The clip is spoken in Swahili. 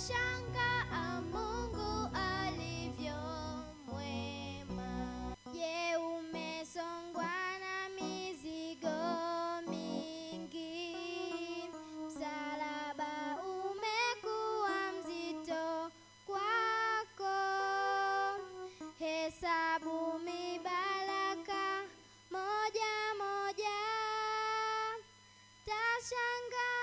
Nimeshangaa ah, Mungu alivyo mwema. Je, umesongwa na mizigo mingi? Msalaba umekuwa mzito kwako. Hesabu mibaraka moja moja, tashangaa